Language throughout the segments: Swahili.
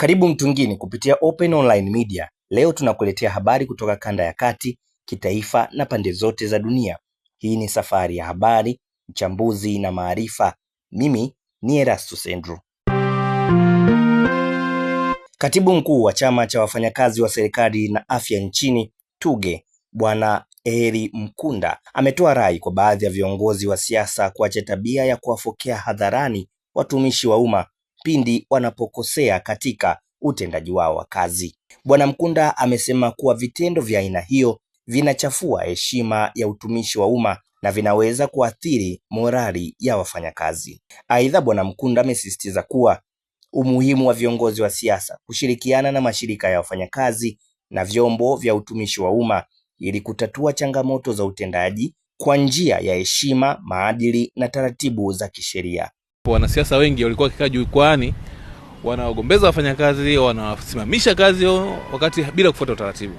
Karibu Mtungini kupitia Open Online Media. Leo tunakuletea habari kutoka kanda ya kati, kitaifa na pande zote za dunia. Hii ni safari ya habari, uchambuzi na maarifa. Mimi ni Erastus Andrew. Katibu mkuu wa chama cha wafanyakazi wa serikali na afya nchini TUGE Bwana Eri Mkunda ametoa rai kwa baadhi ya viongozi wa siasa kuacha tabia ya kuwafokea hadharani watumishi wa umma pindi wanapokosea katika utendaji wao wa kazi. Bwana Mkunda amesema kuwa vitendo vya aina hiyo vinachafua heshima ya utumishi wa umma na vinaweza kuathiri morali ya wafanyakazi. Aidha, Bwana Mkunda amesisitiza kuwa umuhimu wa viongozi wa siasa kushirikiana na mashirika ya wafanyakazi na vyombo vya utumishi wa umma ili kutatua changamoto za utendaji kwa njia ya heshima, maadili na taratibu za kisheria ambapo wanasiasa wengi walikuwa wakikaa jukwaani wanawagombeza wafanyakazi, wanawasimamisha kazi wakati bila kufuata utaratibu.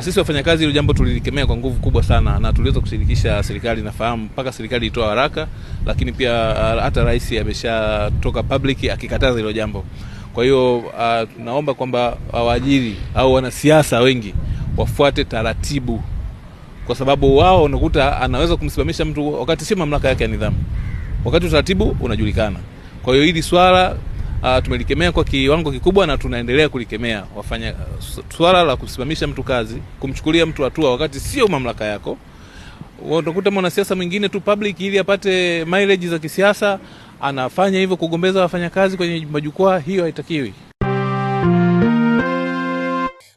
Sisi wafanyakazi hilo jambo tulilikemea kwa nguvu kubwa sana, na tuliweza kushirikisha serikali. Nafahamu mpaka serikali itoa haraka, lakini pia hata rais ameshatoka public akikataza hilo jambo. Kwa hiyo tunaomba kwamba waajiri au wanasiasa wengi wafuate taratibu, kwa sababu wao unakuta anaweza kumsimamisha mtu wakati sio mamlaka yake ya nidhamu wakati utaratibu unajulikana. Kwa hiyo hili swala uh, tumelikemea kwa kiwango kikubwa na tunaendelea kulikemea wafanya uh, swala la kusimamisha mtu kazi, kumchukulia mtu hatua wakati sio mamlaka yako. Utakuta mwanasiasa mwingine tu public ili apate mileage za kisiasa anafanya hivyo, kugombeza wafanyakazi kwenye majukwaa, hiyo haitakiwi.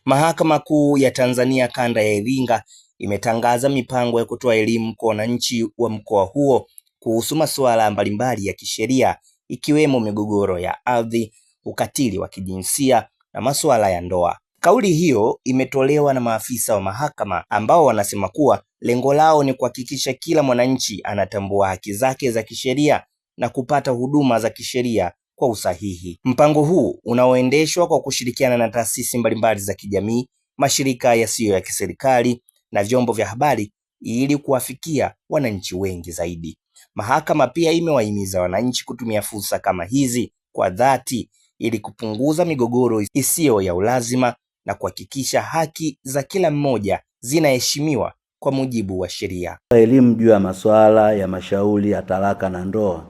Mahakama Kuu ya Tanzania kanda ya Iringa imetangaza mipango ya kutoa elimu kwa wananchi wa mkoa huo kuhusu masuala mbalimbali ya kisheria ikiwemo migogoro ya ardhi, ukatili wa kijinsia na masuala ya ndoa. Kauli hiyo imetolewa na maafisa wa mahakama ambao wanasema kuwa lengo lao ni kuhakikisha kila mwananchi anatambua haki zake za kisheria na kupata huduma za kisheria kwa usahihi. Mpango huu unaoendeshwa kwa kushirikiana na taasisi mbalimbali za kijamii, mashirika yasiyo ya kiserikali na vyombo vya habari ili kuwafikia wananchi wengi zaidi. Mahakama pia imewahimiza wananchi kutumia fursa kama hizi kwa dhati ili kupunguza migogoro isiyo ya ulazima na kuhakikisha haki za kila mmoja zinaheshimiwa kwa mujibu wa sheria. Elimu juu ya masuala ya mashauri ya talaka na ndoa,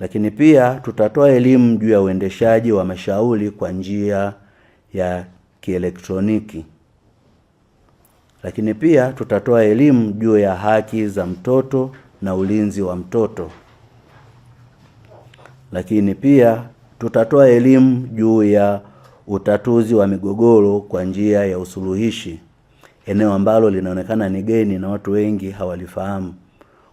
lakini pia tutatoa elimu juu ya uendeshaji wa mashauri kwa njia ya kielektroniki. Lakini pia tutatoa elimu juu ya haki za mtoto na ulinzi wa mtoto. Lakini pia tutatoa elimu juu ya utatuzi wa migogoro kwa njia ya usuluhishi, eneo ambalo linaonekana ni geni na watu wengi hawalifahamu.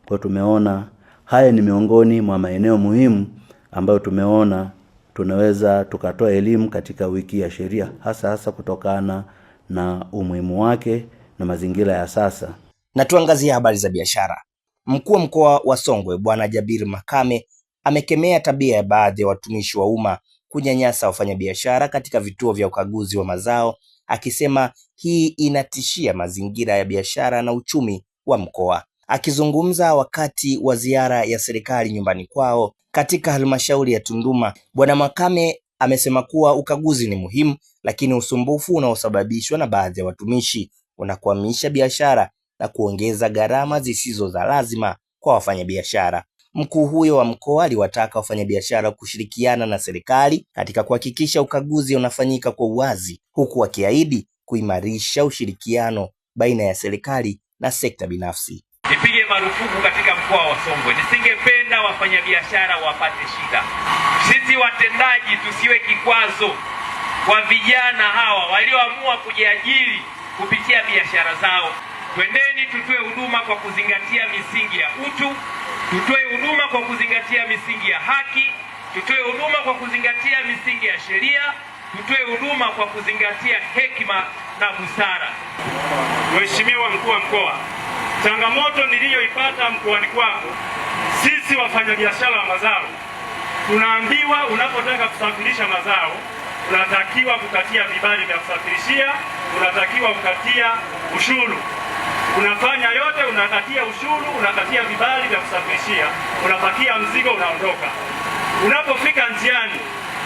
Kwa tumeona haya ni miongoni mwa maeneo muhimu ambayo tumeona tunaweza tukatoa elimu katika wiki ya sheria, hasa hasa kutokana na umuhimu wake na mazingira ya sasa. Na tuangazie habari za biashara. Mkuu wa mkoa wa Songwe Bwana Jabir Makame amekemea tabia ya baadhi ya watumishi wa umma kunyanyasa wafanyabiashara katika vituo vya ukaguzi wa mazao, akisema hii inatishia mazingira ya biashara na uchumi wa mkoa. Akizungumza wakati wa ziara ya serikali nyumbani kwao katika halmashauri ya Tunduma, Bwana Makame amesema kuwa ukaguzi ni muhimu, lakini usumbufu unaosababishwa na baadhi ya watumishi unakwamisha biashara na kuongeza gharama zisizo za lazima kwa wafanyabiashara. Mkuu huyo wa mkoa aliwataka wafanyabiashara kushirikiana na serikali katika kuhakikisha ukaguzi unafanyika kwa uwazi, huku akiahidi kuimarisha ushirikiano baina ya serikali na sekta binafsi. Nipige marufuku katika mkoa wa Songwe, nisingependa wafanyabiashara wapate shida. Sisi watendaji tusiwe kikwazo kwa vijana hawa walioamua kujiajiri kupitia biashara zao. Twendeni tutoe huduma kwa kuzingatia misingi ya utu, tutoe huduma kwa kuzingatia misingi ya haki, tutoe huduma kwa kuzingatia misingi ya sheria, tutoe huduma kwa kuzingatia hekima na busara. Mheshimiwa Mkuu wa Mkoa, changamoto niliyoipata mkoani kwako, sisi wafanyabiashara wa mazao tunaambiwa unapotaka kusafirisha mazao unatakiwa kukatia vibali vya kusafirishia, unatakiwa kukatia ushuru. Unafanya yote, unakatia ushuru, unakatia vibali vya kusafirishia, unapakia mzigo, unaondoka. Unapofika njiani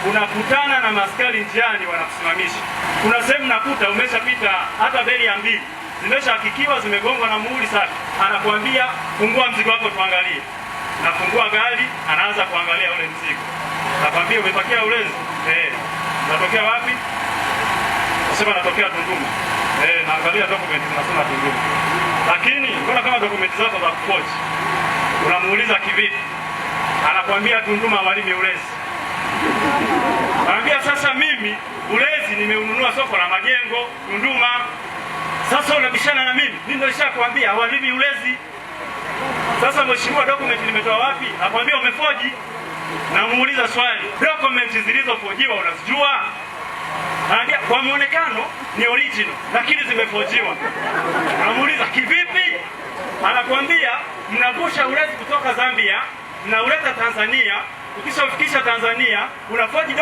unakutana na maskari njiani, wanakusimamisha. Kuna sehemu nakuta umeshapita hata beli ya mbili zimeshahakikiwa zimegongwa na muhuri safi, anakuambia fungua mzigo wako tuangalie. Nafungua gari, anaanza kuangalia ule mzigo, nakwambia umepakia ulezi eh. Natokea wapi? Nasema natokea Tunduma. Eh, naangalia document nasema Tunduma. Lakini mbona kama document zako za coach? Unamuuliza kivipi? Anakwambia Tunduma walimi ulezi. Anambia sasa mimi ulezi nimeununua soko la majengo Tunduma. Sasa unabishana na mimi. Mimi ndio nishakwambia walimi ulezi. Sasa mheshimiwa, document nimetoa wapi? akwambia umefoji. Namuuliza swali, dokumenti zilizofojiwa unazijua? Kwa muonekano ni original, lakini zimefojiwa. Namuuliza kivipi? Anakuambia mnavusha ulezi kutoka Zambia mnauleta Tanzania, ukishafikisha Tanzania unafoji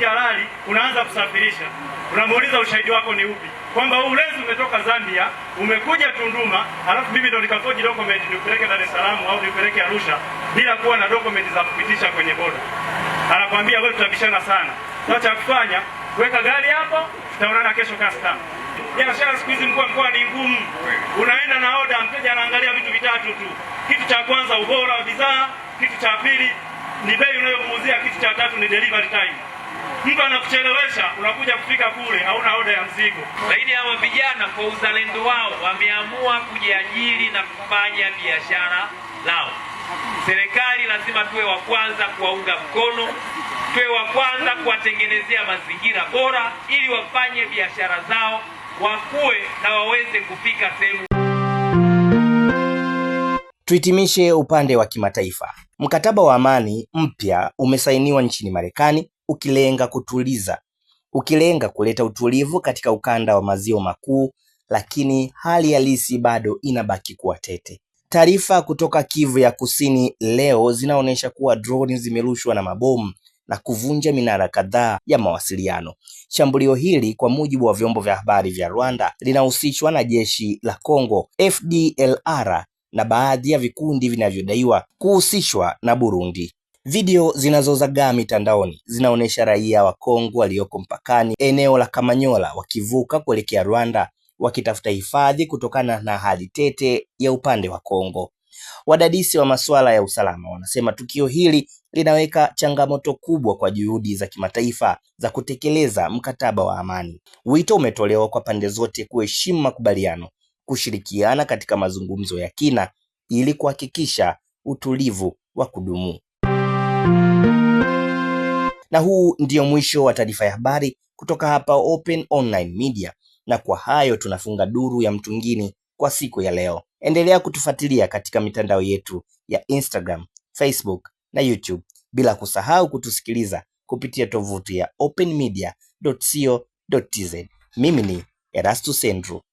ya halali, unaanza kusafirisha. Unamuuliza ushahidi wako ni upi? kwamba huu ulezi umetoka Zambia umekuja Tunduma, alafu mimi ndo nikafoji dokumenti niupeleke Dar es Salaam au niupeleke Arusha bila kuwa na dokumenti za kupitisha kwenye boda. Anakwambia wewe, tutabishana sana. Sasa cha kufanya, weka gari hapo, tutaonana kesho kasta. Biashara siku hizi mkuu wa mkoa ni ngumu, unaenda na oda, mteja anaangalia vitu vitatu tu. Kitu cha kwanza ubora wa bidhaa, kitu cha pili ni bei unayomuuzia, kitu cha tatu ni delivery time. Mtu anakuchelewesha, unakuja kufika kule hauna oda ya mzigo. Lakini hawa vijana kwa uzalendo wao wameamua kujiajiri na kufanya biashara lao. Serikali lazima tuwe wa kwanza kuwaunga mkono, tuwe wa kwanza kuwatengenezea mazingira bora ili wafanye biashara zao, wakue na waweze kufika sehemu. Tuhitimishe upande wa kimataifa. Mkataba wa amani mpya umesainiwa nchini Marekani ukilenga kutuliza, ukilenga kuleta utulivu katika ukanda wa maziwa makuu, lakini hali halisi bado inabaki kuwa tete. Taarifa kutoka Kivu ya Kusini leo zinaonyesha kuwa droni zimerushwa na mabomu na kuvunja minara kadhaa ya mawasiliano. Shambulio hili kwa mujibu wa vyombo vya habari vya Rwanda linahusishwa na jeshi la Kongo FDLR na baadhi ya vikundi vinavyodaiwa kuhusishwa na Burundi. Video zinazozagaa mitandaoni zinaonyesha raia wa Kongo walioko mpakani eneo la Kamanyola wakivuka kuelekea Rwanda wakitafuta hifadhi kutokana na hali tete ya upande wa Kongo. Wadadisi wa masuala ya usalama wanasema tukio hili linaweka changamoto kubwa kwa juhudi za kimataifa za kutekeleza mkataba wa amani. Wito umetolewa kwa pande zote kuheshimu makubaliano, kushirikiana katika mazungumzo ya kina ili kuhakikisha utulivu wa kudumu. Na huu ndio mwisho wa taarifa ya habari kutoka hapa Open Online Media na kwa hayo tunafunga duru ya mtungini kwa siku ya leo. Endelea kutufuatilia katika mitandao yetu ya Instagram, Facebook na YouTube, bila kusahau kutusikiliza kupitia tovuti ya openmedia.co.tz. Mimi ni Erastus Andrew.